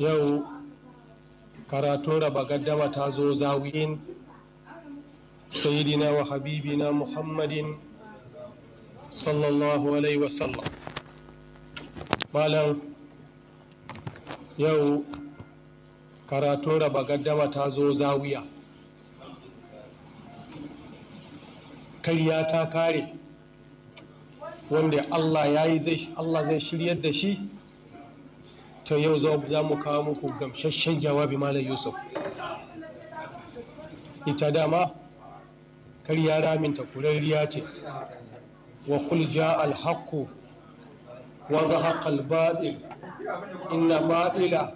yau karatun raba gaddama ta zo zawiyin sayidina wa habibina muhammadin sallallahu alaihi wasallam malam yau karatun raba gaddama ta zo zawiya karya ta kare wanda allah ya yi allah zai shiryar da shi to yau za mu kawo muku gamsasshen jawabi malam yusuf ita dama karya raminta kurariya ce wa kul ja alhaku wa zahaqa albatil inna batila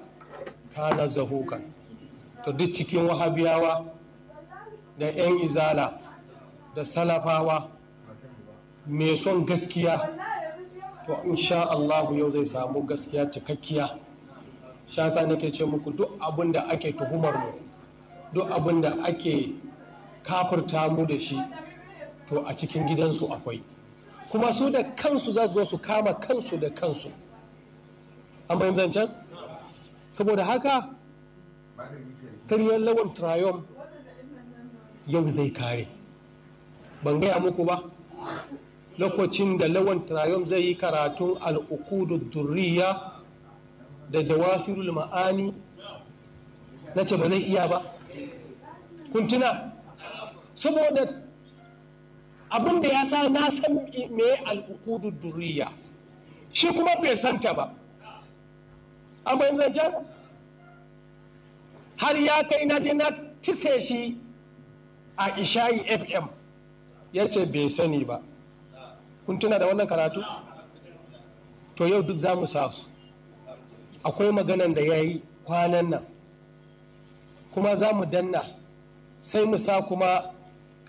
kana zahukan to duk cikin wahabiyawa da yan izala da salafawa mai son gaskiya to insha Allah yau zai samu gaskiya cikakkiya shasa nake ce muku duk abin da ake tuhumar mu duk abin da ake kafirta mu da shi to a cikin gidansu akwai kuma su da kansu za su zo su kama kansu da kansu an bayan zancen saboda haka karyar lawan trayom yau zai kare ban gaya muku ba lokacin da lawan trayom zai yi karatun al'ukudu durriya da jawahirul ma'ani na ce ba zai iya ba kun saboda abin da ya sa na san me al'ukudu duriya shi kuma bai santa ba an bayan zancen har ya kai na je na tise shi a ishayi fm ya ce bai sani ba kun da wannan karatu to yau duk za mu sa su akwai maganan da ya yi kwanan nan kuma za mu danna sai mu sa kuma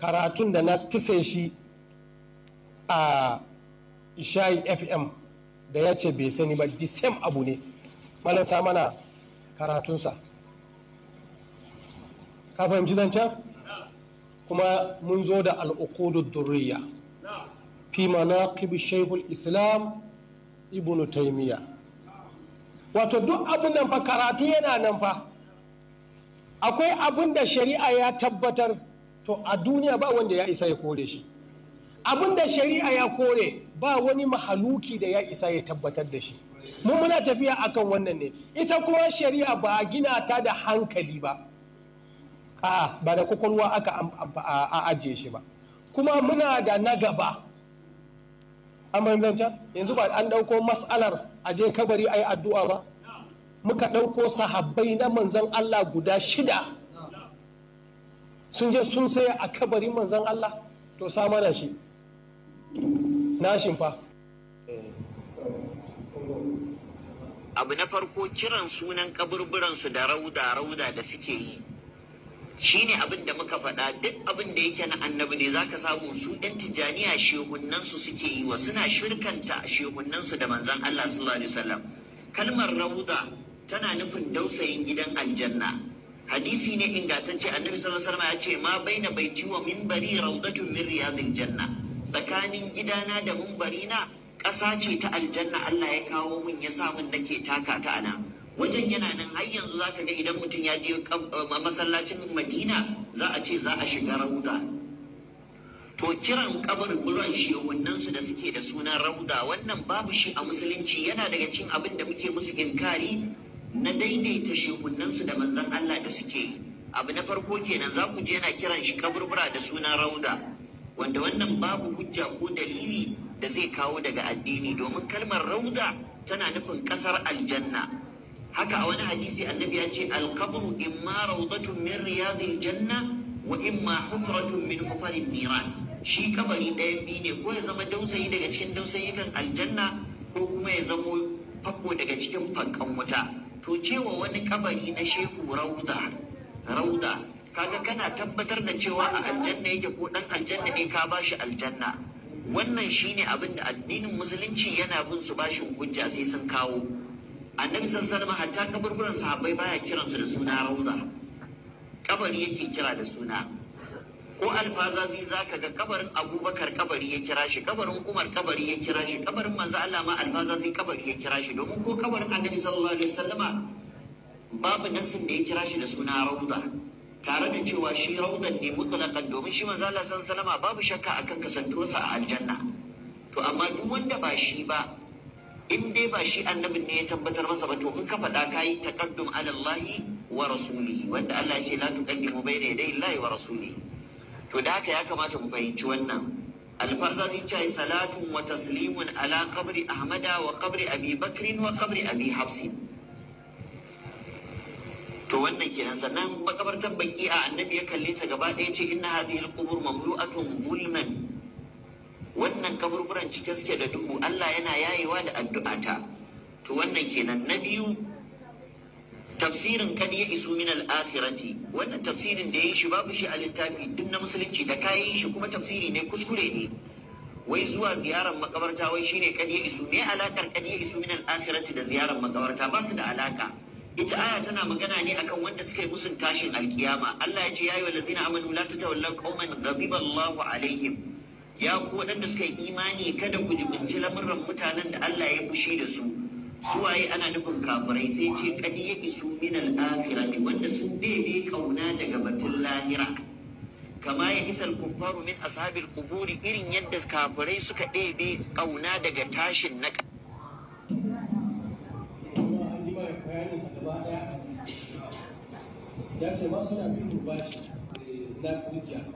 karatun da na tuse shi a shayi fm da ya ce bai sani ba the same abu ne malasa mana karatunsa ka fahimci zancen kuma mun zo da al'ukudu duriya fi manaqib shaykhul islam ibnu taimiyya wato duk abin nan fa karatu yana nan fa akwai abin da shari'a ya tabbatar to a duniya ba wanda ya isa ya kore shi abin da shari'a ya kore ba wani mahaluki da ya isa ya tabbatar da shi mun muna tafiya akan wannan ne ita kuma shari'a ba gina ta da hankali ba a ba da kwakwalwa aka a ajiye shi ba kuma muna da na gaba an yanzu ba an ɗauko matsalar a je kabari a yi addu'a ba muka ɗauko sahabbai na manzan Allah guda shida sun je sun saya a kabarin manzan Allah to sa mana shi na shimfa abu na farko kiran sunan kaburburansu da rauda rauda da suke yi Shi ne abin da muka faɗa duk abin da yake na annabi ne ka samu su ɗan tijaniya shehunansu suke yi wa suna shirkanta shehunan su da manzan Allah sallallahu alaihi wasallam kalmar rauda tana nufin dausayin gidan aljanna hadisi ne ingantacce annabi sallallahu alaihi wasallam ya ce ma baina baiti wa minbari raudatun min riyadil janna tsakanin gidana da na, ƙasa ce ta aljanna Allah ya kawo mun ya sa mun nake taka ta nan. wajen yana nan har yanzu zaka ga idan mutum ya je masallacin madina za a ce za a shiga rauda to kiran kabarin ruwan wannan su da suke da sunan rauda wannan babu shi a musulunci yana daga cikin abin da muke musu inkari na daidaita shehunnan su da manzon Allah da suke yi abu na farko kenan za ku je yana kiran shi kaburbura da sunan rauda wanda wannan babu hujja ko dalili da zai kawo daga addini domin kalmar rauda tana nufin kasar aljanna haka a wani hadisi annabi ya ce in ma rawdatun min riyadil janna wa in ma hufratun min hufarin niran shi kabari ɗayan biyu ne ko ya zama dausayi daga cikin dausayikan aljanna ko kuma ya zamo fako daga cikin fankan wuta to cewa wani kabari na shehu rauda rauda kaga kana tabbatar da cewa a aljanna yake ko dan aljanna ne ka bashi aljanna wannan shine abin da addinin musulunci yana bin su bashin hujja sai sun kawo annabi san sanama hatta kaburburan sahabbai baya kiransu da suna rauza kabari yake kira da suna ko alfazazi za ka ga kabarin abubakar kabari ya kira shi kabarin umar kabari ya kira shi kabarin manzo Allah ma alfazazi kabari ya kira shi domin ko kabarin annabi sallallahu alaihi wasallama babu nasin da ya kira shi da suna rauda tare da cewa shi raudan ne mutlaqan domin shi manzo Allah sallallahu alaihi wasallama babu shakka akan kasantuwarsa a aljanna to amma duk wanda ba shi ba in dai ba shi annabin ne ya tabbatar masa ba to in ka faɗa ka yi taqaddum ala Allahi wa rasulihi wanda Allah ya ce la tuqaddimu bayna yaday Allahi wa rasulihi to da haka ya kamata mu fahimci wannan alfarzani ce salatun wa taslimun ala qabri ahmada wa qabri abi bakrin wa qabri abi hafsin to wannan kenan sannan makabartar baki a annabi ya kalle ta gaba ɗaya ce inna hadhihi alqubur mamlu'atun zulman wannan kaburburan cike suke da duhu Allah yana yayewa da addu'ata to wannan kenan na biyu tafsirin kad ya isu min al-akhirati wannan tafsirin da yayi shi babu shi a littafi duk na musulunci da yi shi kuma tafsiri ne kuskure ne wai zuwa ziyarar makabarta wai shine kad ya isu me alakar kad ya isu min al-akhirati da ziyarar makabarta ba su da alaka ita aya tana magana ne akan wanda suka yi musun tashin alkiyama Allah ya ce ya yi wa lazina amanu la tatawallau qauman ghadiba Allahu alaihim ya ku waɗanda suka yi imani kada ku jibinci lamuran mutanen da Allah ya fushi da su suwaye ana nufin kafirai sai ce kadi ya isu min al-akhirati wanda sun bebe kauna daga batun lahira kama ya isal kuffaru min ashabil quburi irin yadda kafirai suka ɗebe kauna daga tashin na ya ce masu na bin rubashi eh, na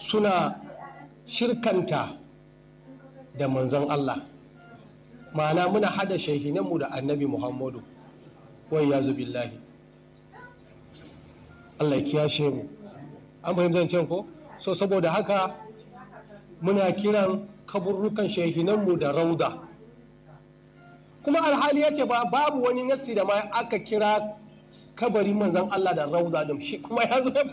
suna shirkanta da manzon Allah ma'ana muna hada shahinanmu da annabi muhammadu wai ya zubi Allah ya kiyashe mu an fahimtar can ko so saboda haka muna kiran kaburrukan shahinanmu da rauda kuma alhali ya ce ba babu wani nasi da ma aka kira kabarin manzan Allah da rauda da shi kuma ya zo ya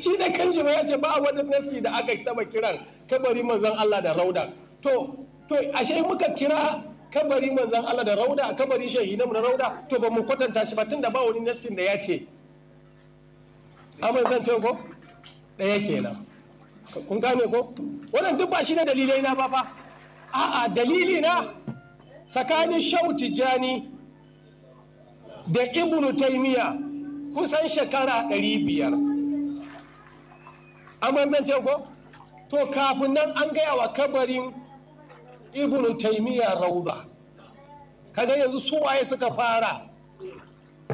shi da kanshi ba ya ce ba wani nasi da aka taba kiran kabari manzan Allah da rauda to to ashe muka kira kabari manzan Allah da rauda kabari shahidan da rauda to ba mu kwatanta shi ba tunda ba wani nasi da ya ce amma zan ce ko daya kenan kun gane ko wannan duk ba shi ne dalilai na ba fa a'a dalili na tsakanin shautijani jani da ibnu taymiya kusan shekara ɗari biyar amma zan ce ko to kafin nan an gaya wa kabarin ibn taimiyya rauda kaga yanzu su waye suka fara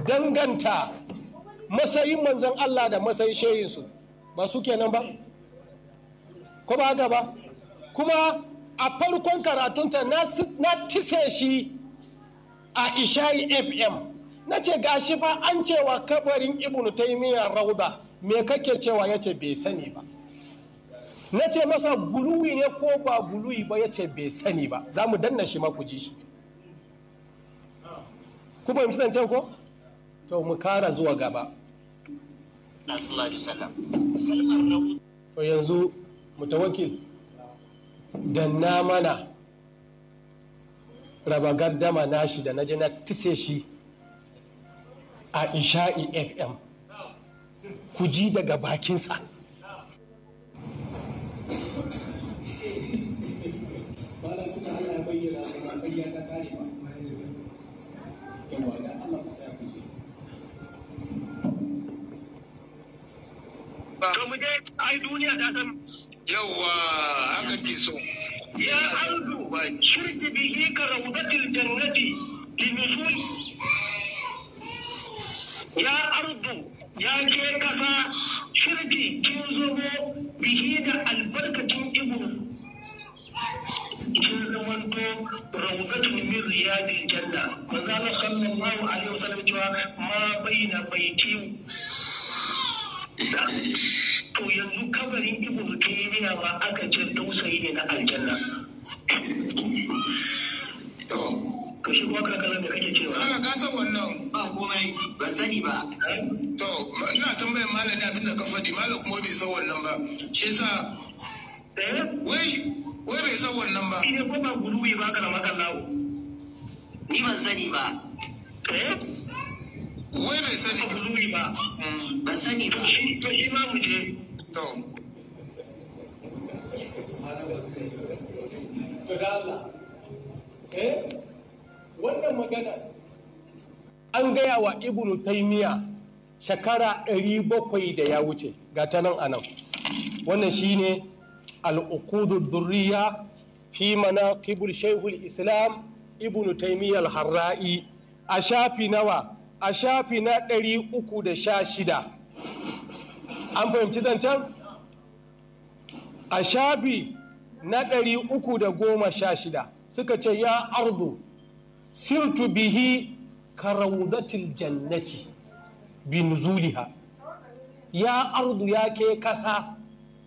danganta masayin manzan Allah da masayin shayinsu ba su kenan ba ko ba gaba? kuma a farkon karatunta na tise shi a ishayi fm na ce gashi fa an cewa kabarin ibnu taimiyya rauda me kake cewa ya ce bai sani ba na ce masa guluwi ne ko ba guluwi ba ya ce bai sani ba za mu danna shi ma ji shi ku fahimci zancen ko to mu kara zuwa gaba to yanzu mutawakil danna mana raba gardama nashi da na na tise shi a isha'i fm ku ji daga bakinsa yawa ya ardu shirki bihi ka raudatil jannati ya ardu ya ke kasa shirki kin zobo bihi da albarkacin ibu ke zamanto rawdatun min riyadil janna manzo Allah sallallahu alaihi wasallam cewa ma baina baiti to yanzu kabarin ibnu taymiya ba aka ce dausayi ne na aljanna to ka shi kuma kakalan da kake cewa ka san wannan ba komai ba sani ba to ina tambayar malami abin da kafa di malam kuma bai san wannan ba shi sa. Eh? wai wai bai san wannan ba Ine ko ba gurubi bai baka makan lawo ni ban sani ba eh? wai bai sani ba gurubi ba mm, ban sani ba to shi ma mu je to eh wannan magana an gaya wa ibnu taimiya shekara 700 da ya wuce ga ta nan anan wannan shine al'ukudu durriya fi mana kibul shaihul islam ibnu taimiya al-harra'i a shafi nawa a shafi na 316 an fahimci zancen a shafi na 316 suka ce ya ardu sirtu bihi karaudatil jannati bin zuliha ya ardu ya ke kasa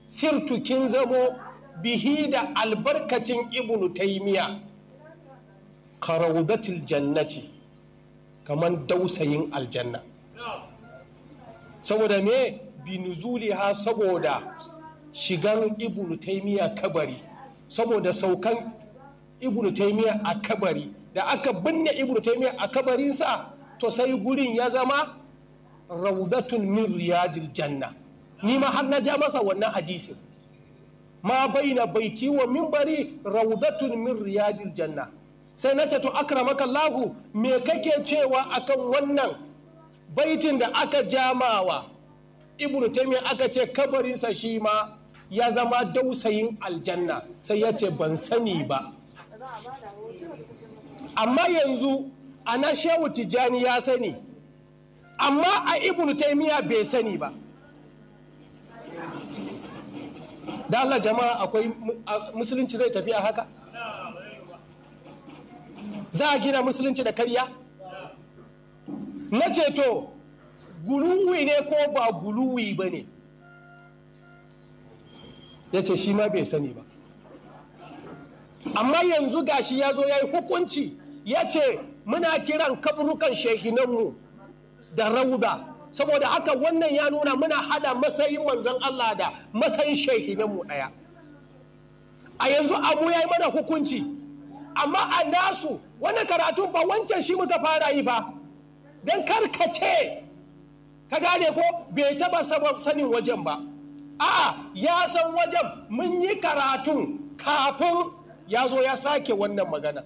sirtu kin zamo bihi da albarkacin ibnu taimiya karaudatil jannati kamar dausayin aljanna saboda me bin zuliha saboda shigan ibnu taimiya kabari saboda saukan ibnu taimiya a kabari da aka binne ibnu taymiya a kabarinsa to sai gurin ya zama raudatun min riyadil janna ni ma har na ja masa wannan hadisin ma baina baiti wa minbari raudatun min riyadil janna sai na ce to akramaka lahu me kake cewa akan wannan baitin da aka jamawa ibnu taymiya aka ce kabarinsa shi ma ya zama dausayin aljanna sai ya ce ban sani ba amma yanzu a na shehu tijjani ya sani amma a ibn taimiyya bai sani ba da Allah jama'a akwai musulunci zai tafi a haka za a gina musulunci da karya na ceto guluwi ne ko ba guluwi ba ne ya ce shi ma bai sani ba amma yanzu gashi ya zo ya yi hukunci ya ce muna kiran kaburukan shekinanmu da rauda saboda haka wannan ya nuna muna hada matsayin manzan Allah da matsayin shekinanmu daya. a yanzu abu ya yi mana hukunci amma a nasu wani karatun ba wancan shi muka fara yi ba don karkace ka gane ko bai taba sanin wajen ba a'a ya san wajen mun yi karatun kafin ya zo ya sake wannan magana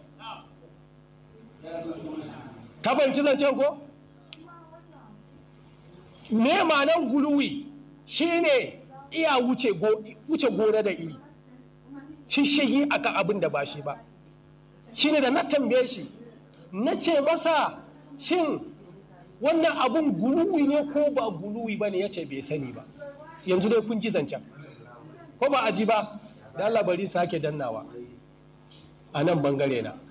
ka fahimci zancen ko me nan guluwi shine iya wuce gona da iri shishigi ka abin da ba shi ba shine da na tambaye shi na ce masa shin wannan abin guluwi ne ko ba guluwi ba ne ya ce bai sani ba yanzu dai kun ji zancen ko ba ji ba da labarin sake dannawa a nan bangare na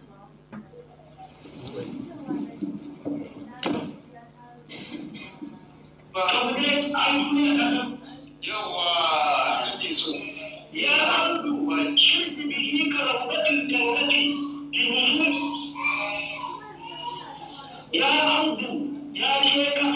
ba an yawa ya arzu ya ya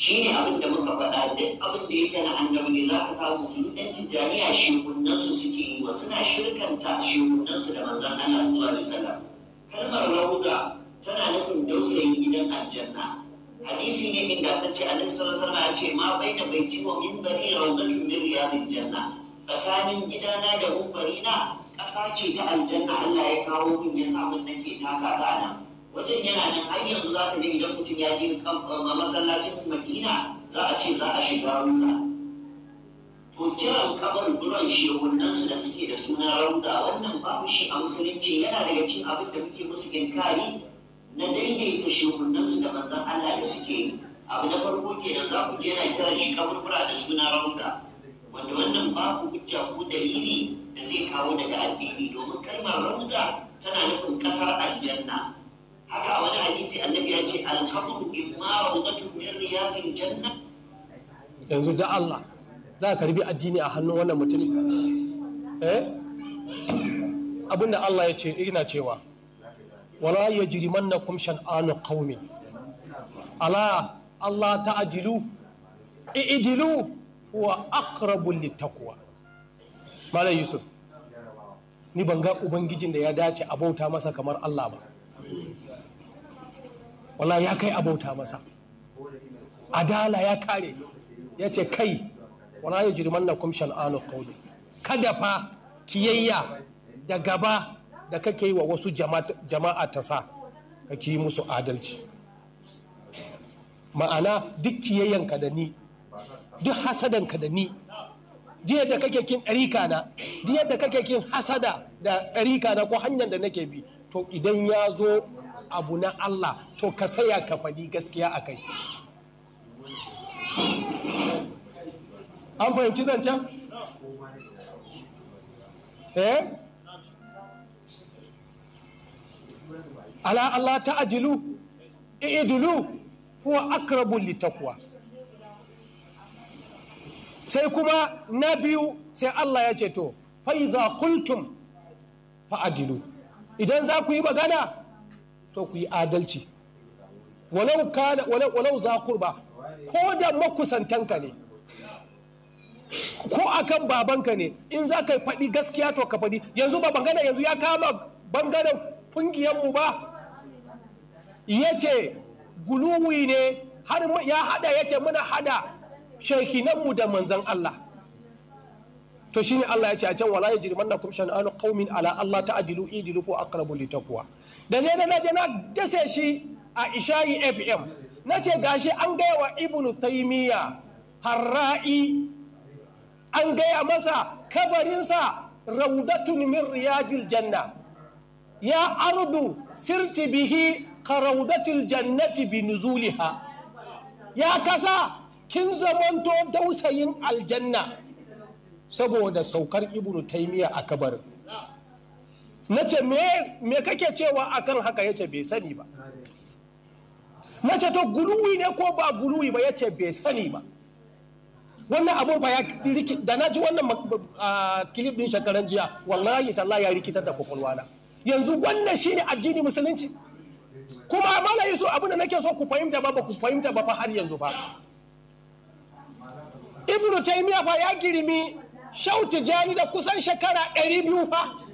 shi ne abin da muka faɗa duk abin da yake na annabi ne za ka samu su ɗan tijjaniya shekunansu suke yi wa suna shirkanta shekunansu da manzan Allah sallallahu alaihi kalmar rahuda tana nufin dausayi gidan aljanna hadisi ne inda annabi sallallahu alaihi wasallam ya ce ma baina baiti wa minbari rawdatun min riyadil janna tsakanin gidana da na ƙasa ce ta aljanna Allah ya kawo min ya samu nake taka nan wajen yana nan har yanzu za ka je idan mutum ya je kan um, masallacin madina za a ce za a shiga rura to kiran kabar duran shehunan su da suke da suna rauta wannan babu shi a musulunci yana daga cikin abin da muke musu inkari na daidaita shehunan su da manzan Allah da suke yi abu na farko kenan za ku je na kiran shi kaburbura da suna rauda wanda wannan babu hujja ko dalili da zai kawo daga addini domin kalmar rauta tana nufin kasar aljanna haka a wani hadisi annabi ya ce alkamu imma rawdatu min riyadin janna yanzu da Allah za ka karbi addini a hannun wannan mutum eh abinda Allah ya ce ina cewa wala yajrimannakum shan'anu qaumi ala Allah ta'jilu ijilu wa aqrabu littaqwa malam yusuf ni ban ga ubangijin da ya dace a bauta masa kamar Allah ba wala ya kai abota masa adala ya kare ya ce kai wala ya jirman na kumshan anu kauli kada fa kiyayya da gaba da kake yi wa wasu jama'a ta sa kake yi musu adalci ma'ana duk kiyayyan ka da ni duk hasadanka da ni jiya da kake kin ɗarika na jiya da kake kin hasada da ɗarika na ko hanyar da nake bi to idan ya zo abu na Allah to ka saya ka faɗi gaskiya a kai an fahimci zancen? eh? ala Allah ta ajilu, idulu kuwa akrabun litakwa sai kuma na biyu sai Allah ya ce to faiza kultum fa'adilu idan za ku yi magana to ku yi adalci walau kana za kurba ko da makusantanka ne ko a kan babanka ne in za ka faɗi gaskiya to ka faɗi yanzu ba bangana yanzu ya kama bangaren mu ba ya ce guluwi ne har ya hada ya ce muna hada shekinanmu da manzan Allah to shine Allah ya ce a can wala yajrimannakum shan'anu qaumin ala Allah ta'dilu idilu ko aqrabu litaqwa da ne na je na dase shi a ishayi fm na ce gashi an gaya wa ibnu taimiyya harra'i an gaya masa kabarinsa raudatun min riyadil janna ya ardu sirti bihi ka raudatil jannati bi nuzuliha ya kasa kin zamanto dausayin aljanna saboda saukar ibnu taimiyya a kabarin na ce me kake cewa akan haka ya ce bai sani ba na ce to guluwi ne ko ba guluwi ba ya ce bai sani ba wannan abun ba ya da na ji wannan kilibin din shekaran jiya wallahi talla ya rikitar da kwakwalwana yanzu wannan shine addini musulunci kuma mala so abin da nake so ku fahimta ba ba ku fahimta ba fa har yanzu ba. ibnu taymiya fa ya girmi shauti jani da kusan shekara 200 fa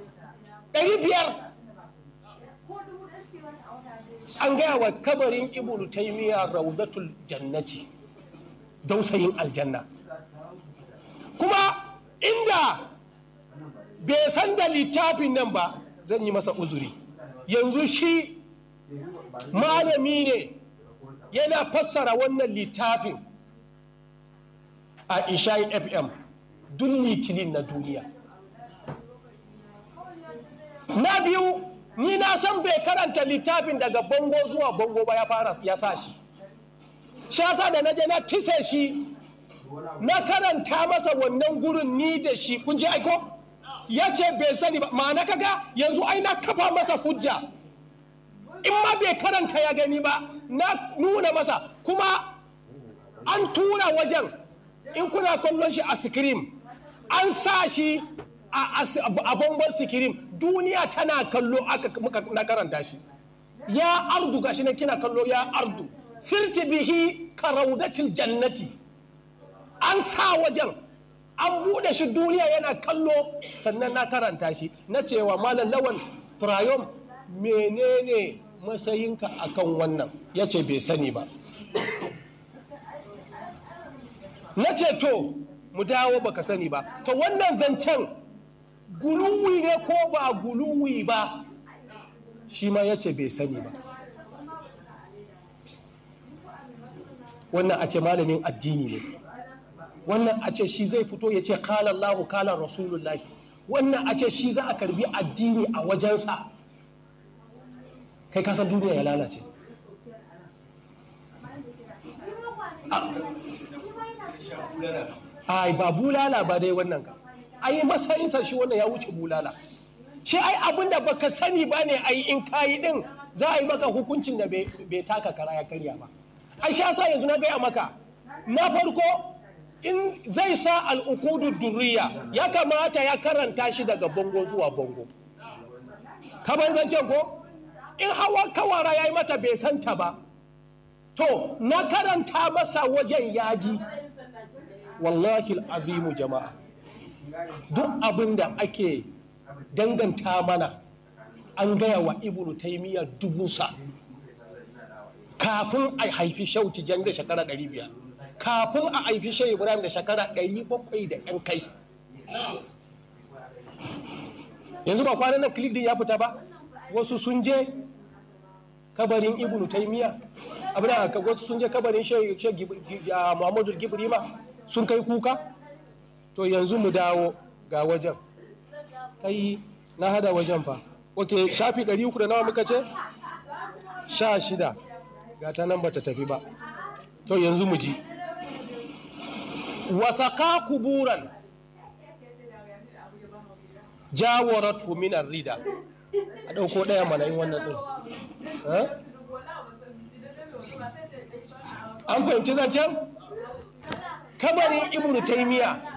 ɗari biyar an gaya wa kabarin ibnu taimiyya raudatul jannati dausayin aljanna kuma inda bai san da littafin nan ba zan yi masa uzuri yanzu shi malami ne yana fassara wannan littafin a ishayin fm duk litinin na duniya na biyu ni na san bai karanta littafin daga bango zuwa bango ba ya fara ya sa shi shi yasa da na je na tise shi na karanta masa wannan gurin ni da shi kun ji aiko ya ce bai sani ba ma'ana kaga yanzu ai na kafa masa hujja in ma bai karanta ya gani ba na nuna masa kuma an tura wajen in kuna kallon shi a screen an sa shi a bambar sikirim duniya tana kallo aka na karanta shi ya ardu gashi nan kina kallo ya ardu sirti bihi karaudatil jannati an sa wajen an buɗe shi duniya yana kallo sannan na karanta shi na cewa malam lawan trayom menene matsayinka akan wannan ya ce bai sani ba na ce to mu dawo baka sani ba to wannan zancen guluwi ne ko ba guluwi ba shi ma ya ce bai sani ba wannan a ce malamin addini ne wannan a ce shi zai fito ya ce kala kalan kala rasulullahi wannan a ce shi za a karbi addini a wajensa kai kasar duniya ya lalace ah. ai ba bulala ba dai wannan ka ai masayinsa shi wannan ya wuce bulala shi ai abin da baka sani ba ne ai in kayi din za a yi maka hukuncin da bai taka kara ya karya ba ai sha sa yanzu na gaya maka na farko in zai sa al'ukudu durriya ya kamata ya karanta shi daga bango zuwa bango kamar zancen ko in hawa kawara ya yi mata bai santa ba to na karanta masa wajen yaji wallahi azimu jama'a duk abin da ake danganta mana an gaya wa ibnu taimiyya dubusa kafin a haifi shauti jan da shekara 500 kafin a haifi shai ibrahim da shekara 700 da yan kai yanzu ba kwanan na click din ya fita ba wasu sun je kabarin ibnu taimiyya abin da wasu sun je kabarin shai muhammadu gibrima sun kai kuka to yanzu mu dawo ga wajen kai na hada wajen fa ok shafi 300 da nawa muka ce sha shida ga ta nan ba ta tafi ba to yanzu mu ji wasaka kuburan jawaratu min rida a ɗauko ɗaya mana wannan ɗin eh? an fahimci zancen kabarin ibnu taymiya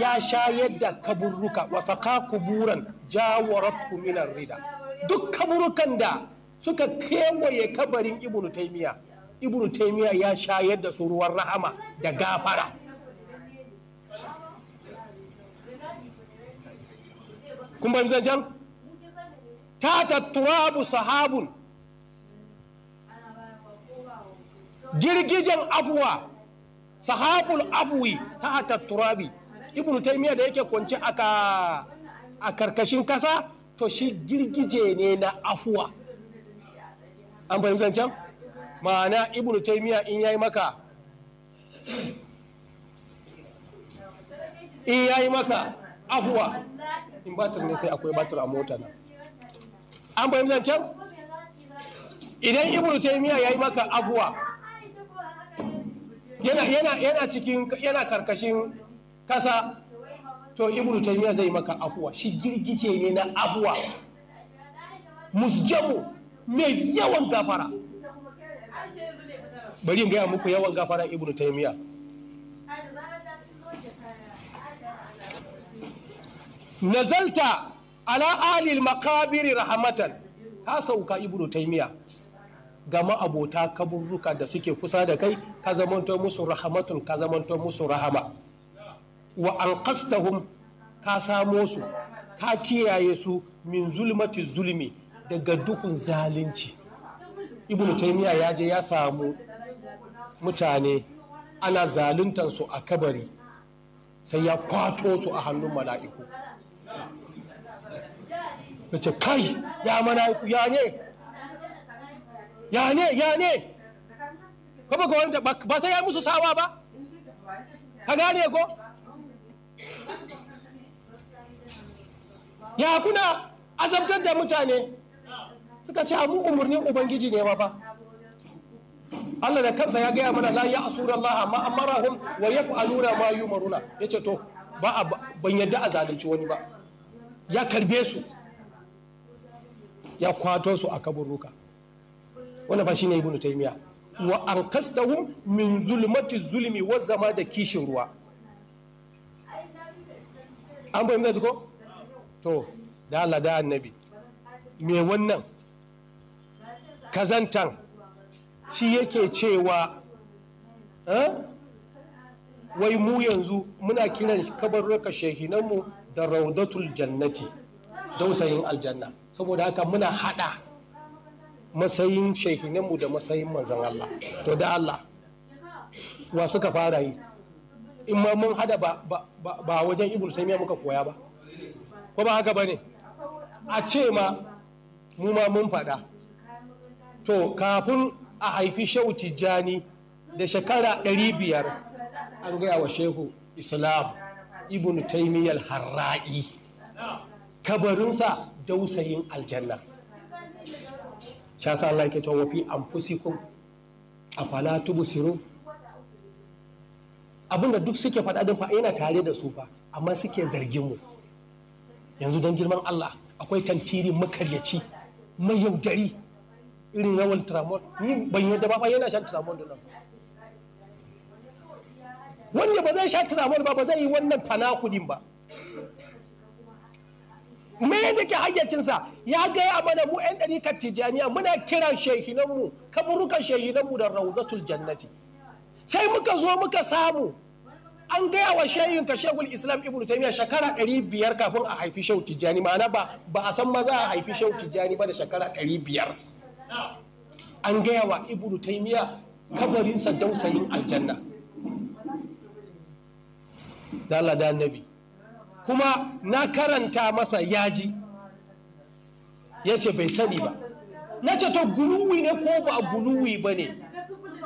ya shayar da kaburruka wa kuburan jawarar kuminan rida duk kaburukan da suka kewaye kabarin ibnu taimiya ibnu taimiya ya shayar da su ruwan rahama da gafara kuma bayan zanjan ta tatturabu sahabun girgijen afuwa sahabul abwi ta turabi ibnu taimiya da yake kwance a karkashin kasa to shi girgije ne na afuwa an fahimci zancen ma'ana ibnu taimiya in yayi maka in yayi maka afuwa in batir ne sai akwai batir a mota na an fahimci zancen idan ibnu taimiya yayi maka afuwa yana cikin yana karkashin kasa to ibnu taymiya zai maka afuwa shi girgije ne na afuwa musjamu mai yawan gafara bari in gaya muku yawan gafara ibnu taymiya nazalta ala alil makabiri rahmatan ka sauka ibnu taymiya ga ma'abota kaburruka da suke kusa da kai ka zamanto musu rahamatun ka zamanto musu rahama wa alqastahum ka samo su ka kiyaye su min zulmati zulmi daga dukun zalunci ibnu taymiya ya je ya samu mutane ana zaluntar su a kabari sai ya kwato su a hannun mala'iku ce kai ya mala'iku ya ne ya ne ya ne kuma ga wanda ba sai ya musu sawa ba ka gane ko ya kuna azabtar da mutane suka ce mu umarnin ubangiji ne ba. Allah da kansa ya gaya mana la ya asura Allah amma hun wa ya yaf'aluna ma yumaruna yace to ba a ban yadda a zalunci wani ba ya karbe su ya kwato su a kaburruka wannan ba shine ibnu taymiya wa an kastahum min zulmati zulmi wa zama da kishin ruwa an bayyana ko to da Allah da annabi me wannan kazantan shi yake cewa eh? wai mu yanzu muna kiran kabarurka shehinanmu da raudatul jannati dausayin aljanna saboda haka muna hada matsayin shehinanmu da matsayin manzan Allah to da Allah wa suka fara yi in ma mun hada ba wajen ibul taimiyya muka koya ba ko ba haka ba ne a ce ma mu ma mun faɗa to kafin a haifi shehu tijjani da shekara 500 an gaya wa shehu islam ibn taimiyyar harra'i kabarinsa dausayin aljanna shi yasa Allah yake cewa fi anfusikum afala tubsirun abinda duk suke faɗa din fa yana tare da su fa amma suke zargin mu yanzu don girman Allah akwai tantiri makaryaci mai yaudari irin yawan tramon ni ban yadda ba yana shan tramon da nan wanda ba zai sha tramon ba ba zai yi wannan fana kudin ba me yake hayyacinsa ya gaya mana mu 'yan ɗarikar Tijaniya muna kiran shehinanmu kaburukan shehinanmu da Rauzatul jannati sai muka zo muka samu an gaya wa shehin ka shehul islam ibn taymiya shekara 500 kafin a haifi shehu tijjani ma'ana ba a san maza a haifi shehu tijjani ba da shekara 500 an gaya wa ibn taymiya kabarinsa dausayin aljanna da Allah da annabi kuma na karanta masa yaji ya ce bai sani ba na ce to guluwi ne ko ba guluwi ba ne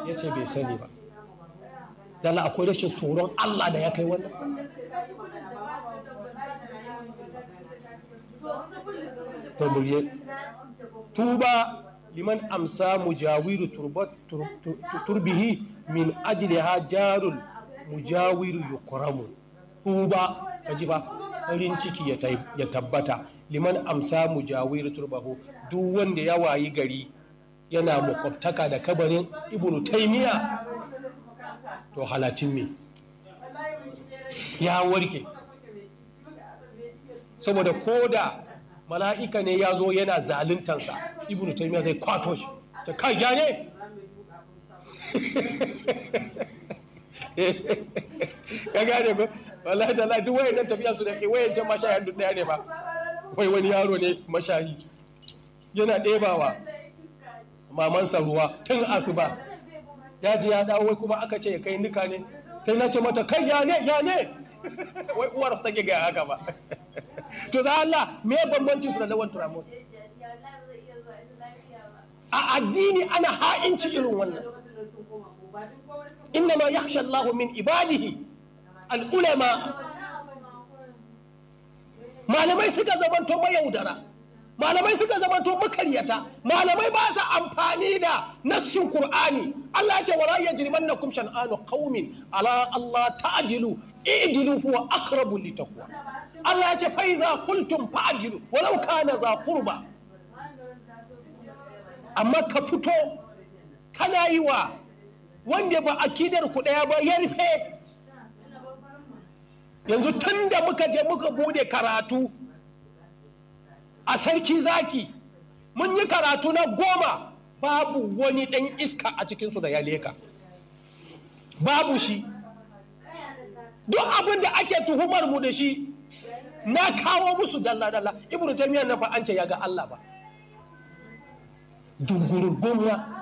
ya ce bai sani ba dala akwai rashin tsoron allah da ya kai wannan tambaye tuba liman amsa mujawiru turbihi min ajiyar jarul mujawiru yukuramu tuba ka ba farin ciki ya tabbata liman amsa mu mujawir turbahu duk wanda ya wayi gari yana makwabtaka da kabarin ibnu taimiya to halatin me ya warke saboda ko da mala'ika ne ya zo yana zaluntansa ibnu taimiya zai kwato shi ta kai ya ne ka gane ba wallahi da duk wayan nan tafiya su da ke wayan can mashayan duk daya ne ba wai wani yaro ne mashahi yana ɗebawa mamansa ruwa tun asuba ya ji ya dawo kuma aka ce ya kai nika ne sai na ce mata kai ya ne ya ne wai uwar ta ga haka ba to za Allah me bambancin su da lawan turamo a addini ana ha'inci irin wannan innama yakhsha Allah min ibadihi al'ulama malamai suka zamanto mayaudara malamai suka zamanto makaryata malamai ba su amfani da nassin Kur'ani. Allah ya ce wala yajrimannakum shan'anu kawumin. ala Allah ta'dilu i'dilu huwa aqrabu litaqwa Allah ce ce fa iza qultum fa'dilu walau kana za qurba amma ka fito kana yi wa wanda ba akidar ku daya ba ya rufe yanzu tun da muka je muka bude karatu a sarki zaki mun yi karatu na goma babu wani ɗan iska a cikinsu da ya leka babu shi duk abin da ake tuhumar mu da shi na kawo musu dalla-dalla ibnu taymiyyah na fa an ce ya ga Allah ba dungurugun ya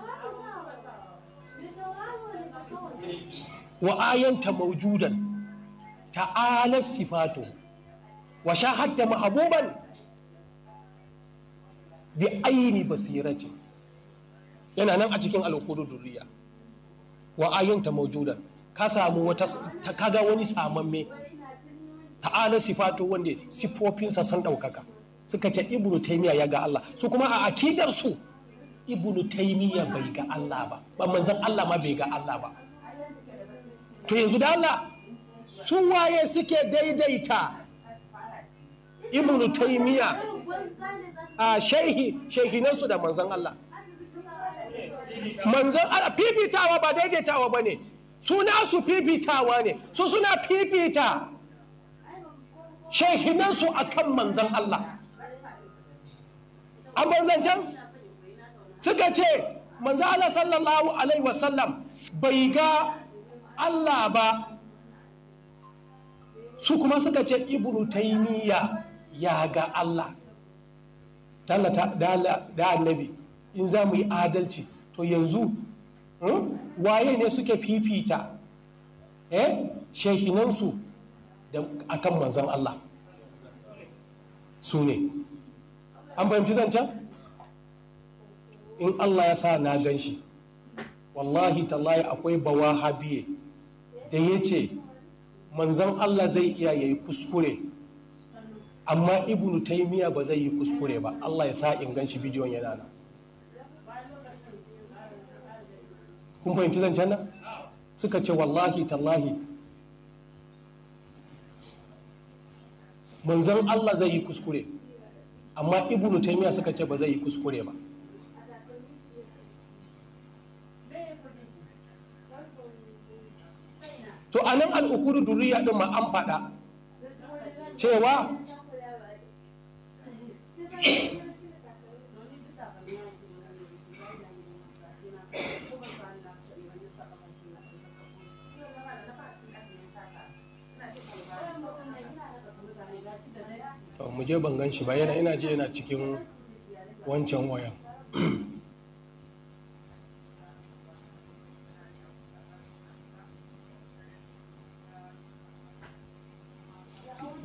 Wa'ayanta ayanta maujudan ta'ala sifatu wa shahadta mahabuban bi aini basirati yana nan a cikin alkudu duriya wa ayanta maujudan ka samu wata kaga wani samamme ta'ala sifatu wanda sifofinsa sun ɗaukaka suka ce ibnu taymiya ya ga Allah su kuma a su ibnu taymiya bai ga Allah ba ba manzan Allah ma bai ga Allah ba to yanzu da Allah su waye suke daidaita ibnu taimiya a shehi su da manzan Allah manzan Allah fifitawa ba daidaitawa ba ne suna su fifitawa ne su suna fifita shehinansu a kan manzan Allah an can? suka ce manzan Allah sallallahu alaihi wasallam bai ga Allah ba su kuma suka ce ibnu taimiyya ya ga Allah da annabi in za mu yi adalci to yanzu hmm, waye ne suke fifita eh shehinansu akan manzan Allah su ne an fahimci zancen in Allah ya sa na gan shi wallahi tallahi akwai bawa habiye da ya ce manzan Allah zai iya ya yi kuskure amma ibnu taimiya ba zai yi kuskure ba Allah ya sa inganci bidiyon yana nan kun fahimci zancen nan suka ce wallahi tallahi manzan Allah zai yi kuskure amma ibnu taimiya suka ce ba zai yi kuskure ba to a nan al'ukudu duriya ɗin ma an faɗa cewa mu je ban gan shi ba yana ina je yana cikin wancan wayan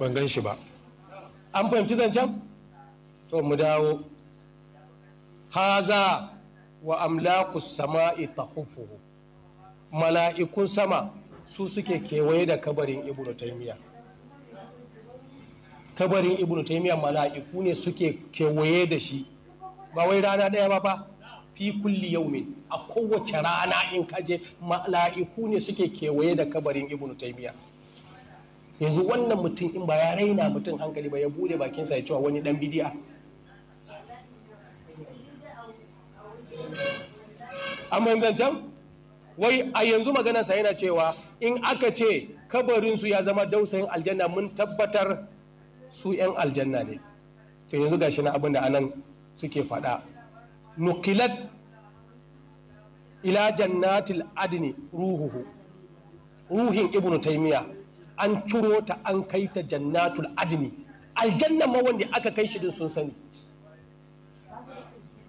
ban gan shi ba an fahimci zancen to mu dawo haza wa amlakus sama'i tahufuhu mala'ikun sama su suke kewaye da kabarin ibnu taymiya kabarin ibnu taymiya mala'iku ne suke kewaye da shi ba wai rana ɗaya ba fa fi kulli yaumin a kowace rana in kaje mala'iku ne suke kewaye da kabarin ibnu taymiya yanzu wannan mutum in ba ya raina mutum hankali ba ya bude bakinsa ya cewa wani dan bidiya amma can wai a yanzu maganarsa yana cewa in aka ce kabarinsu ya zama dausayin aljanna mun tabbatar su 'yan aljanna ne to yanzu gashi na abin da anan suke fada nukilat ila jannatil adini ruhuhu ruhin ibnu taimiya an ciro ta an kai ta jannatul adini aljanna ma wanda aka kai shi din sun sani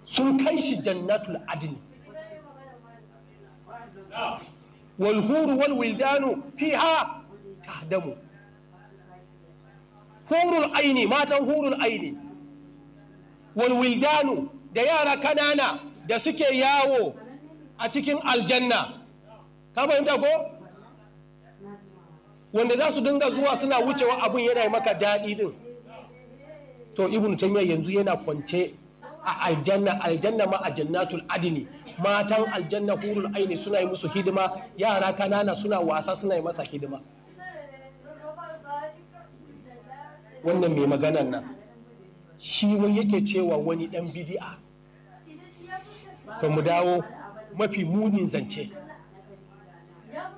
sun kai shi jannatul adini wal huru wal wildanu fiha tahdamu hurul aini matan hurul aini Walwildanu da yara kanana da suke yawo a cikin aljanna ka fahimta ko wanda za su dinga zuwa suna wucewa abun yana maka daɗi din to ibn tamiya yanzu yana kwance a aljanna aljanna ma a adini matan aljanna hurul aini suna yi musu hidima yara kanana suna wasa suna yi masa hidima wannan mai maganan nan shi wani yake cewa wani dan bidi'a to mu dawo mafi munin zance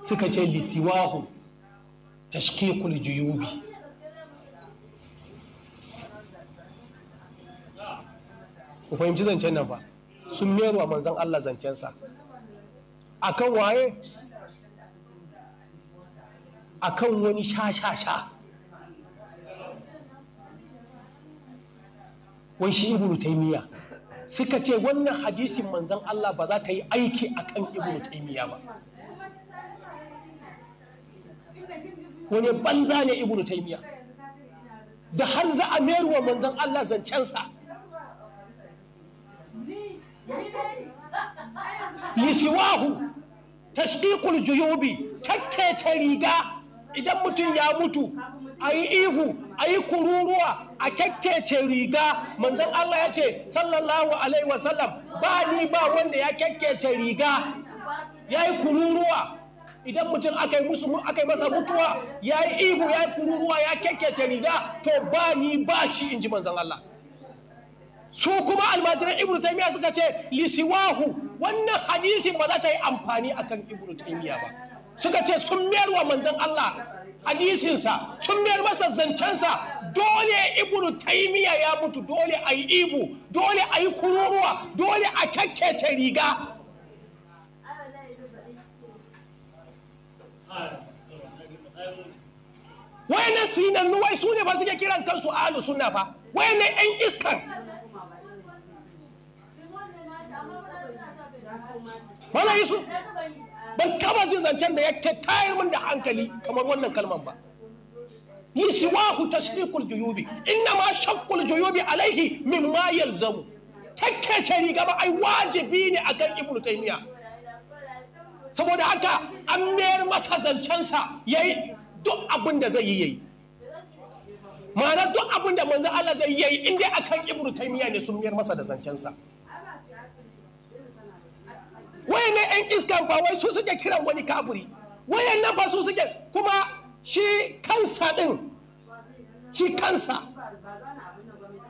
suka ce lisiwahu tashkikul juyubi ku fahimci zancen nan ba sun meru a manzan Allah zancensa a kan waye a kan wani sha-sha-sha wai shi ibnu taimiyya suka ce wannan hadisin manzan Allah ba za ta yi aiki a kan ibnu taimiyya ba wani banza ne ibnu taymiya da har za a meruwa manzan Allah zancensa yishiwahu tashqiqul juyubi kakkece riga idan mutum ya mutu a yi ihu a yi kururuwa a kakkece riga manzon Allah ya ce sallallahu alaihi wasallam ba ni ba wanda ya kyakkece riga ya yi kururuwa idan mutum aka yi masa mutuwa ya yi ihu ya yi kururuwa ya kyakkyace riga to ba ni ba shi in ji manzan Allah su kuma almajiran ibnu taymiya suka ce lisiwahu wannan hadisin ba za ta yi amfani akan ibnu taymiya ba suka ce sun mayar wa manzan Allah hadisinsa sun mayar masa zancensa dole ibnu taymiya ya mutu dole ayi ibu, dole ayi kururuwa dole a kyakkyace riga wayannan sinannu wai su ne ba suke kiran kansu alu suna fa wani yan iskan wani yi su ban taba jin zancen da yake tayar min da hankali kamar wannan kalman ba yi ta tashriqul juyubi inna ma shakkul juyubi alaihi mimma yalzamu kakkece riga ba ai wajibi ne akan ibnu saboda haka an mayar masa zancensa ya yi duk abin da zai yi ya yi ma'ana duk abin da manzan Allah zai yi in dai akan ibru miya ne sun mayar masa da zancensa wai ne yan iskan fa wai su suke kiran wani kaburi wayan nan su suke kuma shi kansa din shi kansa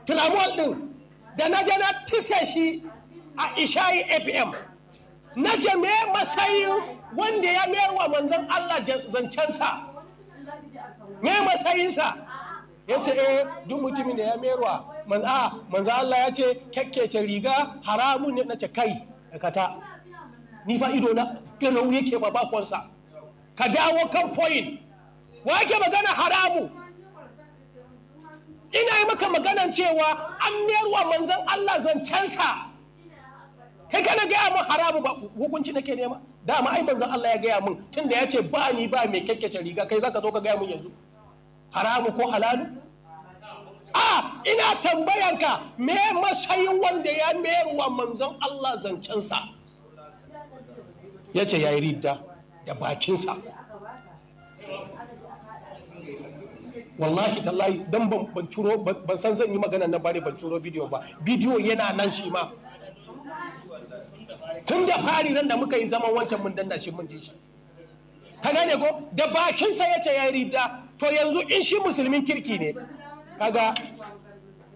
tramol din da na je tise shi a ishayi fm na ce me matsayin wanda ya mayar wa manzan Allah zancensa me matsayinsa ya ce eh duk mutumin da ya mayar wa manzan Allah ya ce kyakkece riga haramun ne na ce kai kata ni fa ido na garau yake ba bakonsa ka dawo kan point wa ke magana haramu ina yi maka maganan cewa an mayar wa manzan Allah zancensa kai kana gaya mun haramu ba hukunci nake nema dama ai manzon Allah ya gaya min tunda ya ce ba ni ba mai kyakkyace riga kai zaka zo ka gaya min yanzu haramu ko halalu a ina tambayanka me masayin wanda ya meruwa manzon Allah zancensa ya ce ya yi ridda da bakinsa wallahi tallahi dan ban ban san zan yi magana na bare ban ciro bidiyo ba bidiyo yana nan shi ma tun da fari nan da muka yi zaman wancan mun danna shi mun ji shi ka gane ko da bakin ya ce ya yi rida to yanzu in shi musulmin kirki ne kaga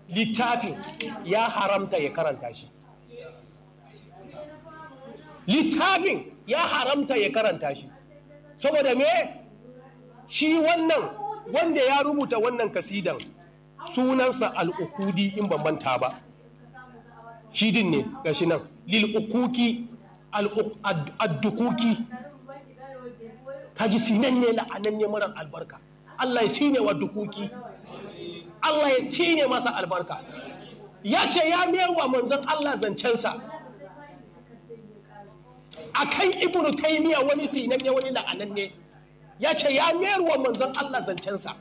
littafin ya haramta ya karanta shi littafin ya haramta ya karanta shi saboda me shi wannan wanda ya rubuta wannan kasidan sunansa al'ukudi in ban manta ba shidin ne gashi nan lil ukuki addukuki kaji sinan ne la'anan ne marar albarka Allah ya sine wa dukuki Allah ya sine masa albarka ya ce ya wa manzon Allah zancensa a kan ibnu taimiya wani sinan ne wani la'anan ne ya ce ya wa manzon Allah zancensa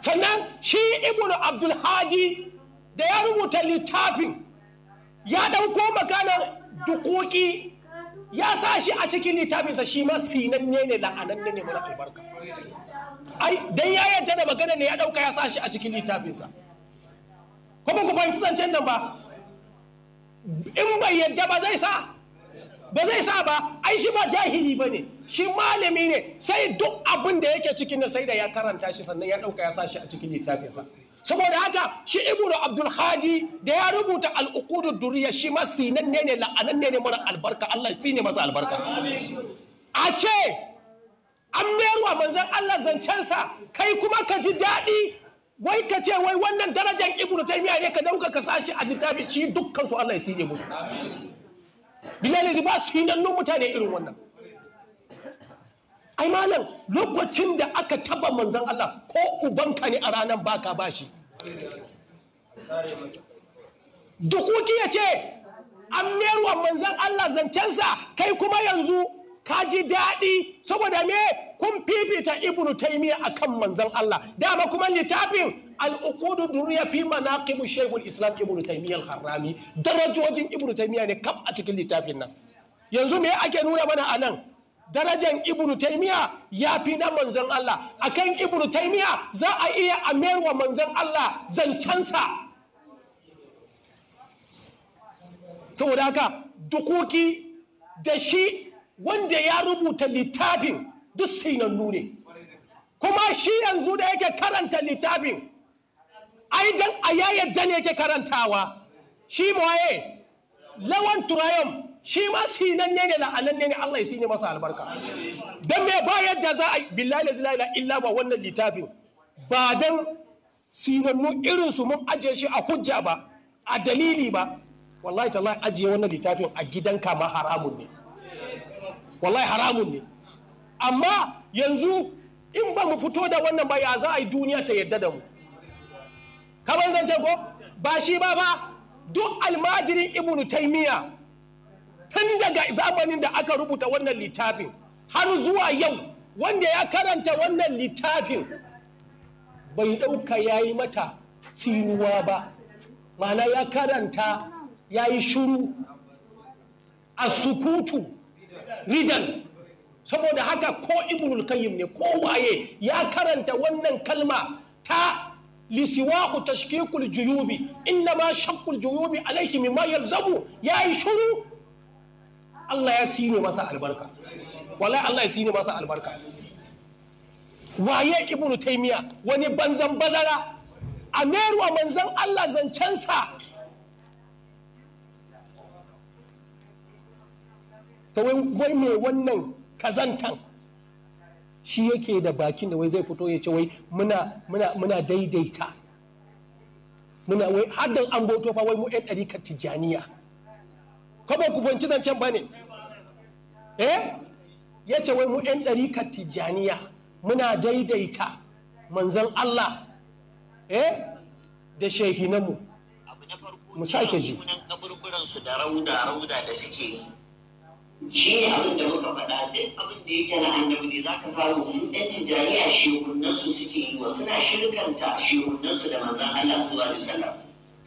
sannan shi ibnu abdulhaji da ya rubuta littafin ya dauko maganar dukuki ya sa shi a cikin littafinsa shi ma sinanne ne la'ananne ne mara albarka ai dan ya yanta da magana ne ya dauka ya sa shi a cikin littafinsa ko ba ku fahimci zancen nan ba in bai yarda ba zai sa ba zai sa ba ai shi ba jahili ba ne shi malami ne sai duk abin da yake cikin sai da ya karanta shi sannan ya dauka ya sa shi a cikin littafinsa saboda haka shi ibnu abdul hadi da ya rubuta al'ukudu duriya shi ma sinanne ne la'ananne ne mara albarka Allah ne masa albarka a ce an meruwa manzan Allah zancensa kai kuma ka ji daɗi wai ka ce wai wannan darajar ibnu taymiya ne ka dauka ka sashi a littafin shi dukkan su Allah ya sine musu bilal ba sinannu mutane irin wannan ai malam lokacin da aka taba manzan Allah ko ubanka ne a ranar baka bashi dukuki ya ce an merwa manzan Allah zancensa kai kuma yanzu ka ji daɗi saboda me kun fifita ibnu taimiyya akan manzan Allah dama kuma littafin al'ukudu duniya fi manaqibu shaykhul islam ibnu taimiyya al-harrami darajojin ibnu taimiyya ne kam a cikin littafin nan yanzu me ake nuna mana a nan darajan ibnu taimiya ya fi na manzan Allah akan ibnu taimiya za a iya amerwa manzan Allah zancensa saboda haka dukuki da shi wanda ya rubuta littafin duk sinannu ne kuma shi yanzu da yake karanta littafin ai dan a yayar ne yake karantawa shi mawaye lawan turayom shi ma nan ne la'ananne ne Allah ya sinye masa albarka dan me ba yadda za a billahi la ilaha illa ba wannan littafin ba dan sinannu irin su mun ajiye shi a hujja ba a dalili ba wallahi tallahi ajiye wannan littafin a gidanka ma haramun ne wallahi haramun ne amma yanzu in ba mu fito da wannan ba ya za a yi duniya ta yadda da mu zan zance ko ba shi ba ba duk almajirin ibnu taymiya tun daga zamanin da aka rubuta wannan littafin har zuwa yau wanda ya karanta wannan littafin bai ɗauka ya yi mata sinuwa ba mana ya karanta ya yi shuru a sukutu ridan saboda haka ko ibnul qayyim ne ko waye ya karanta wannan kalma ta lisiwahu tashkikul juyubi inna ma shakkul juyubi alaihi mimma yalzamu ya yi shuru Allah ya sine masa albarka wallahi Allah ya sine masa albarka waye ibnu taymiya wani banzan bazara a meruwa manzan Allah zancensa ta wai mai wannan kazantan shi yake da bakin da wai zai fito ya ce wai muna daidaita muna wai haddan an boto fa wai mu yan ɗari tijjaniya ko ba ku fanci zancen ba ne eh ya ce wai mu 'yan ɗarikar tijjaniya muna daidaita manzan Allah eh da shehinanmu mu sake ji sunan kaburburansu da rauda rauda da suke yi shi ne abin da muka faɗa duk abin da yake na annabi ne za ka samu su ɗan tijjaniya shehunansu suke yi wa suna shirkanta shehunansu da manzan Allah sallallahu alaihi wasallam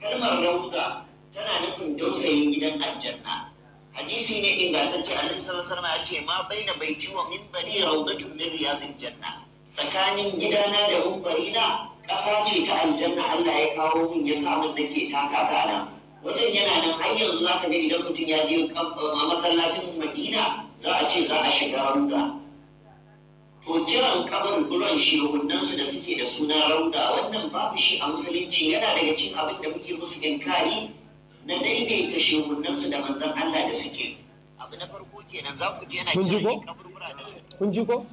kalmar rauda tana nufin dausayin gidan aljanna hadisi ne ingantacce annabi sallallahu alaihi ya ce ma baina baiti wa minbari raudatu min riyadil janna tsakanin gidana da na ƙasa ce ta aljanna Allah ya kawo min ya sa min nake taka ta nan wajen yana nan har yanzu zaka ga idan mutum ya je masallacin Madina za a ce za a shiga rauda to kiran kabar buran su da suke da suna rauda wannan babu shi a musulunci yana daga cikin abin da muke musu inkari na daidaita shehunansu da manzan Allah da suke abu na farko kenan za ku je yana kiran kaburbura da kun ji ko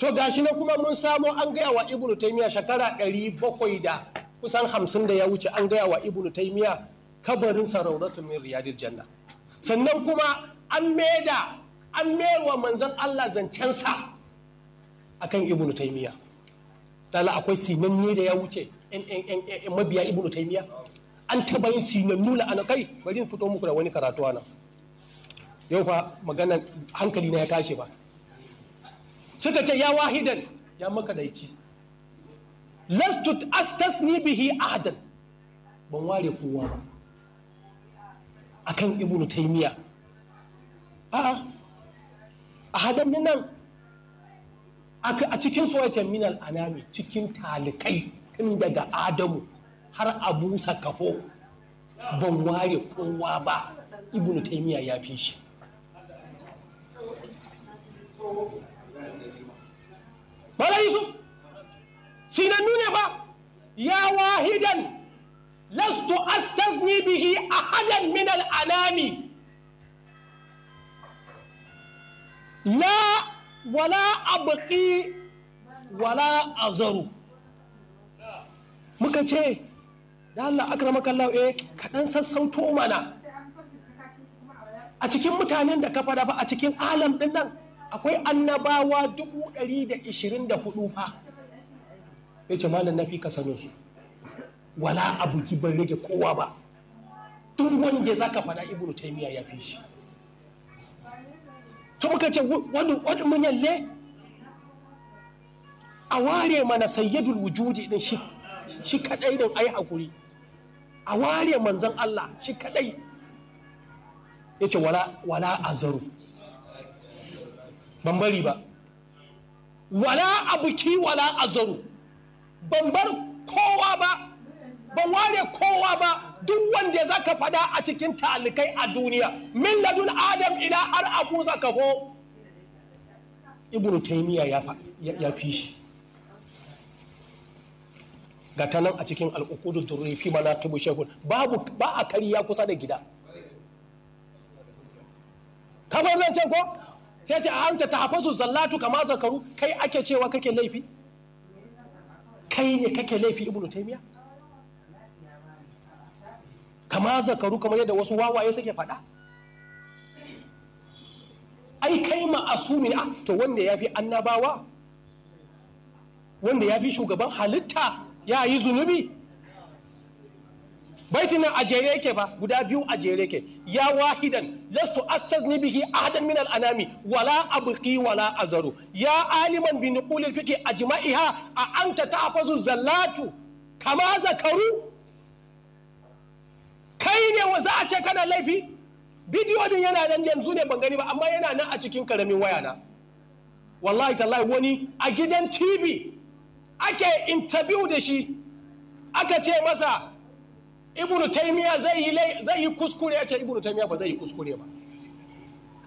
to gashi na kuma mun samo an gaya wa ibnu taymiya shekara ɗari bakwai da kusan hamsin da ya wuce an gaya wa ibnu taymiya kabarin saraunatu min riyadil janna sannan kuma an maida an merwa manzan Allah zancensa akan ibnu taymiya tala akwai sinanni da ya wuce mabiya ibnu taymiya an taba yin sinannu ana kai bari in fito muku da wani karatu ana yau fa magana hankali na ya tashi ba suka ce ya wahidan ya maka daici astas ni bihi ahadan ban ware kowa ba akan ibnu taymiya a'a ahadan nan a cikin suwaitan minal anami cikin talikai tun daga adamu har a busa ban ware kowa ba ibnu taimiya ya fi shi bala Yusuf, sinanu ne ba, ya wahidan lastu astazni bihi ahadan min al'anami. La wala abaki wala azaru. Muka ce, da Allah akramaka Allah eh ka dan sassauto mana a cikin mutanen da ka fada ba a cikin alam din nan akwai annabawa dubu ɗari da fa ya ce malam na ka sanin su wala abu ban rage kowa ba tun wanda za ka ibnu taimiya ya fi shi to muka ce wani mun yalle a ware mana sayyidul wujudi din shi shi kadai don ai hakuri a ware manzan Allah shi kadai ya ce wala azaru ban bari ba wala abuki wala azaru ban bar kowa ba ban ware kowa ba duk wanda ya zaka fada a cikin talikai a duniya min ladun adam ila har abu zaka ko ibnu taymiya ya fi shi ga ta nan a cikin al'ukudu turai fi mana tubu shekul babu ba a kariya kusa da gida kamar zan ce ko sai ce a hanta ta hafazu zallatu kama zakaru kai ake cewa kake laifi kai ne kake laifi ibnu taymiya kama zakaru kamar yadda wasu wawaye suke faɗa ai kai ma ma'asumi ne ah, to wanda ya fi annabawa wanda ya fi shugaban halitta ya yi zunubi baitin nan a jere yake ba guda biyu a jere yake ya wahidan lastu assazni bihi ahadan min al-anami wala abqi wala azaru ya aliman bi nuqul al jima'i ajma'iha a anta tahfazu zallatu kama zakaru kai ne wa za a ce kana laifi bidiyo din yana nan yanzu ne ban gani ba amma yana nan a cikin karamin wayana. na wallahi tallahi wani a gidan tv ake interview da shi aka ce masa ibnu taimiya zai yi kuskure ya ce ibnu taimiya ba zai yi kuskure ba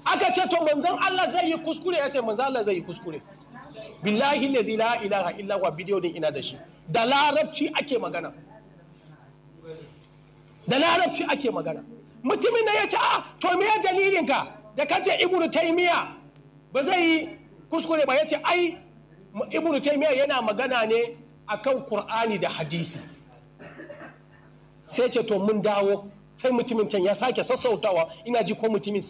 aka ce to manzan Allah zai yi kuskure ya ce manzan Allah zai yi kuskure billahi lazi la ilaha illa wa bidiyo din ina da shi da larabci ake magana da larabci ake magana mutumin da ya ce a ah, to me ya da ka da kace ibnu taimiya ba zai yi kuskure ba ya ce ai ibnu taymiya yana magana ne akan qur'ani da hadisi sai ce to mun dawo sai mutumin can ya sake sassautawa ina ji ko mutumin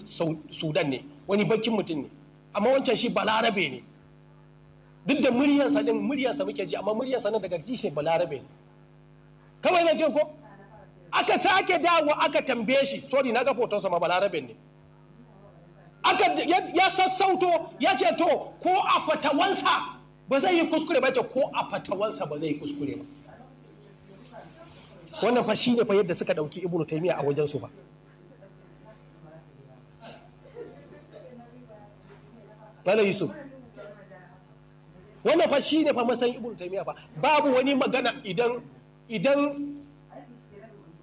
sudan ne wani bakin mutum ne amma wancan shi balarabe ne duk da muryarsa din muryarsa muke ji amma muryarsa nan daga kishi balarabe ne kawai zan ce ko aka sake dawo aka tambaye shi sorry na ga fotonsa ma balarabe ne aka ya sassauto ya ce to ko a fatawansa ba zai yi kuskure ba ce ko a fatawansa ba zai yi kuskure ba wannan fa shine fa yadda suka dauki ibnu taymiya a wajen su ba bala yusuf wannan fa shine fa masan ibnu taymiya fa babu wani magana idan idan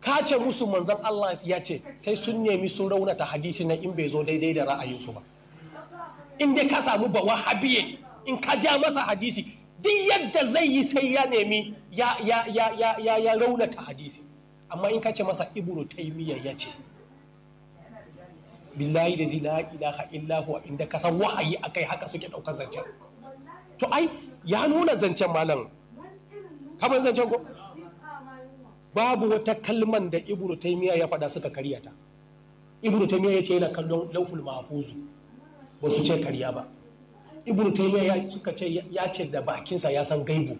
kace musu manzon Allah ya ce sai sun nemi sun raunata hadisi na in bai zo daidai da ra'ayinsu ba in dai ka samu ba wahabiye in ka ja masa hadisi duk yadda zai yi sai ya nemi ya ya ya ya ya raunata hadisi amma in ka ce masa ibnu taymiya ya ce billahi da la ilaha illa inda ka san wahayi akai haka suke daukar zancen to ai ya nuna zancen malam kamar zancen ko babu wata kalman da ibnu taymiya ya faɗa suka karyata ibnu taymiya ya ce yana kallon lauful mahfuzu ba su ce karya ba ibn taymiya ya suka ce ya ce da bakinsa ya san gaibu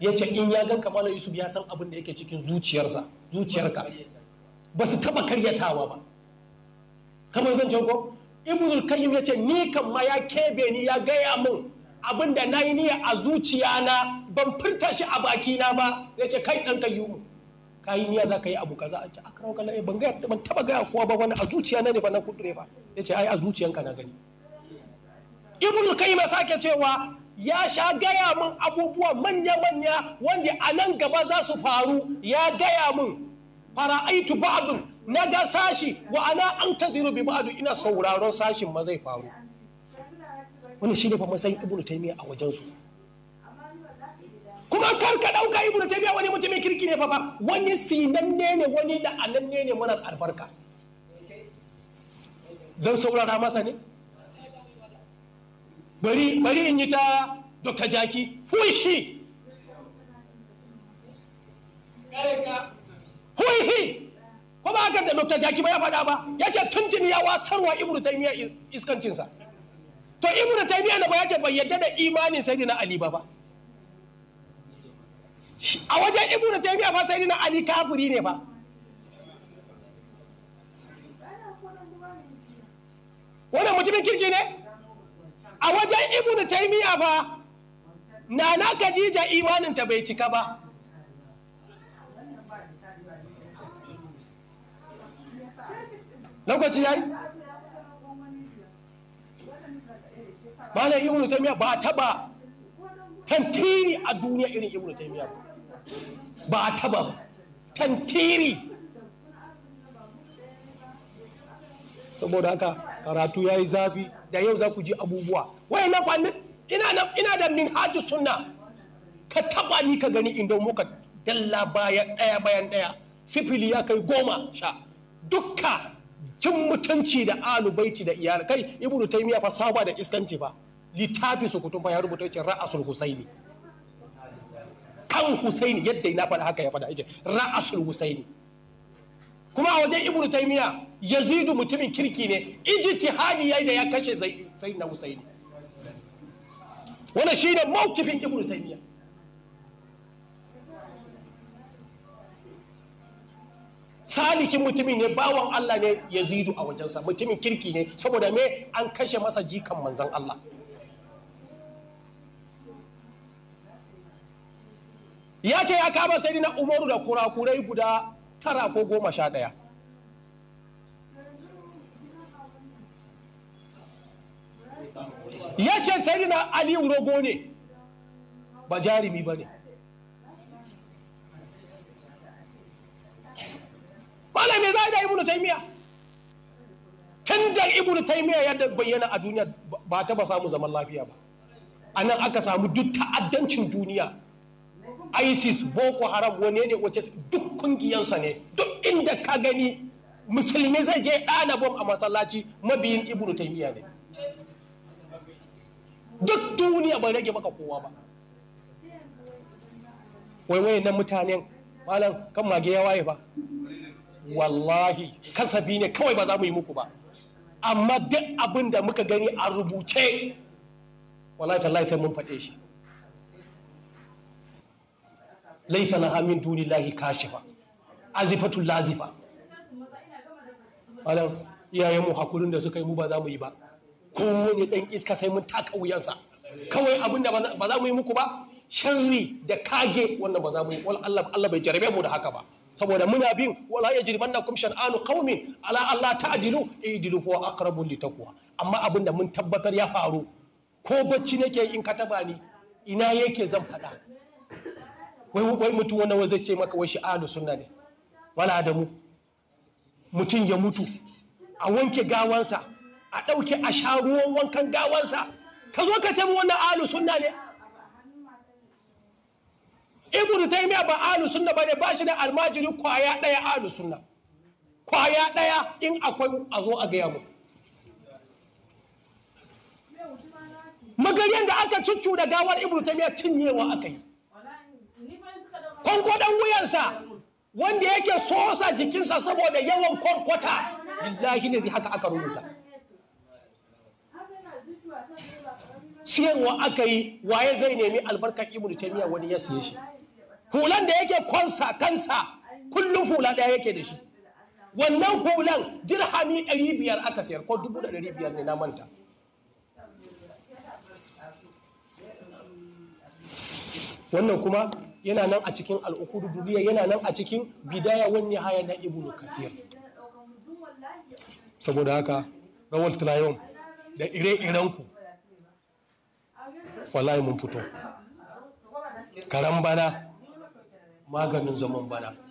ya ce in ya gan kamala yusuf ya san abin da yake cikin zuciyarsa zuciyarka ba su taba karyatawa ba kamar zan ce ko ibn kayyim ya ce ni kan ma ya kebe ni ya gaya min abin da na yi niyya a zuciyana ban furta shi a bakina ba ya ce kai dan kayyum ka yi niyya za ka yi abu kaza a ce a karawa ban ban taba gaya kowa ba wani a zuciyana ne ba na kudure ba ya ce ai a zuciyanka na gani ibn kaima sake cewa ya sha gaya min abubuwa manya-manya wanda a nan gaba za su faru ya gaya min fara'aitu ba'dun na ga sashi wa ana an taziru bi ina sauraron sashin ma zai faru wani shi ne fa matsayin ibn taymiya a wajen su kuma kar ka ɗauka ibnu taymiya wani mutumin kirki ne fa ba? wani sinanne ne wani da ne marar albarka zan saurara masa ne bari in yi ta dr jaki who is she who is ko ba haka da dr jaki ba ya faɗa ba ya ce tuntuni ya wasarwa ibnu taymiya iskancinsa to ibnu taymiya da ba ya ce bai yadda da imanin sayyidina ali ba ba a wajen ibnu taymiya ba na ali kafiri ne ba wannan mutumin kirki ne a wajen ibnu taimiya ba nana khadija ta bai cika ba lokaci yayi malam ibnu taimiya ba taba tantiri a duniya irin ibnu taimiya ba ba taba tantiri saboda haka karatu ya yi zafi da yau za ku ji abubuwa wai na kwanin ina da min hajji sunna ka taba ni ka gani inda muka dalla baya daya bayan daya sifili ya kai goma sha dukka cin mutunci da alubaiti da iyali kai ibnu taimiya fa saba da iskanci ba. littafi su kutum fa ya rubuta yace ra'asul husaini kan husaini yadda na faɗa haka ya faɗa yace ra'asul husaini kuma a wajen ibnu taimiya yazidu mutumin kirki ne ijtihadi yayi da ya kashe sai na husaini wannan shine maukifin ibnu taymiya salikin mutumin ne bawan Allah ne yazidu a wajensa mutumin kirki ne saboda me an kashe masa jikan manzan Allah ya ce ya kama sai na umaru da kurakurai guda tara ko goma sha ɗaya ya ce na aliyu rogo ne ba jarumi ba ne malam mai za a da tun da da taimiya ya bayyana a duniya ba ta ba samu zaman lafiya ba a nan aka samu duk ta'addancin duniya isis boko haram wane ne wace duk kungiyansa ne duk inda ka gani musulmi zai je ɗana bom a masallaci mabiyin da taimiya ne duk duniya ban rage maka kowa ba Wai nan mutanen malam kan mage ya waye ba wallahi kasafi ne kawai ba za mu yi muku ba amma duk abin da muka gani a rubuce wallahi tallahi sai mun faɗe shi laisa duni lahi kashi ba azifatul lazifa malam iyayenmu hakurin da suka yi mu ba za mu yi ba ne dan iska sai mun taka wuyansa kawai abin da ba za mu yi muku ba sharri da kage wannan ba za mu yi Allah Allah bai jarabe mu da haka ba saboda muna bin wala yajrimannakum shan'anu qaumin ala Allah ta'dilu idilu huwa aqrabu litaqwa amma abin da mun tabbatar ya faru ko bacci nake in ka taba ni ina yake zan faɗa wai wai mutu wanda wai ce maka wai shi'alu sunna ne wala da mu mutum ya mutu a wanke gawansa a ɗauki a sha ruwan wankan gawansa ka zo ka tabi wannan alu sunna ne ibnu taymiya ba alu sunna bane ba shi da almajiri kwaya ɗaya alu sunna kwaya ɗaya in akwai a zo a gaya mu magaryan da aka cuccu da gawar ibnu taymiya cinyewa aka yi kwankwadon wuyansa wanda yake sosa jikinsa saboda yawan kwankwata lillahi ne zai haka aka rubuta siyarwa aka yi waye zai nemi albarkar ibn taymiya wani ya siye shi hulan da yake kwansa kansa kullum hula daya yake da shi wannan hulan dirhami 500 aka siyar ko 1500 ne na manta wannan kuma yana nan a cikin al'ukudu duniya yana nan a cikin bidaya wani haya na ibnu kasir saboda haka rawar tilayon da ire-irenku wallahi mun fito karan bana maganin zaman bana